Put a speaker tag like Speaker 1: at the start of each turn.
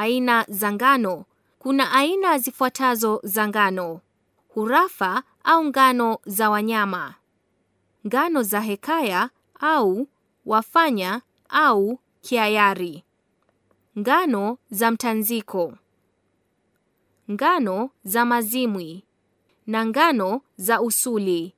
Speaker 1: Aina za ngano. Kuna aina zifuatazo za ngano: hurafa au ngano za wanyama, ngano za hekaya au wafanya au kiayari, ngano za mtanziko, ngano za mazimwi na
Speaker 2: ngano za usuli.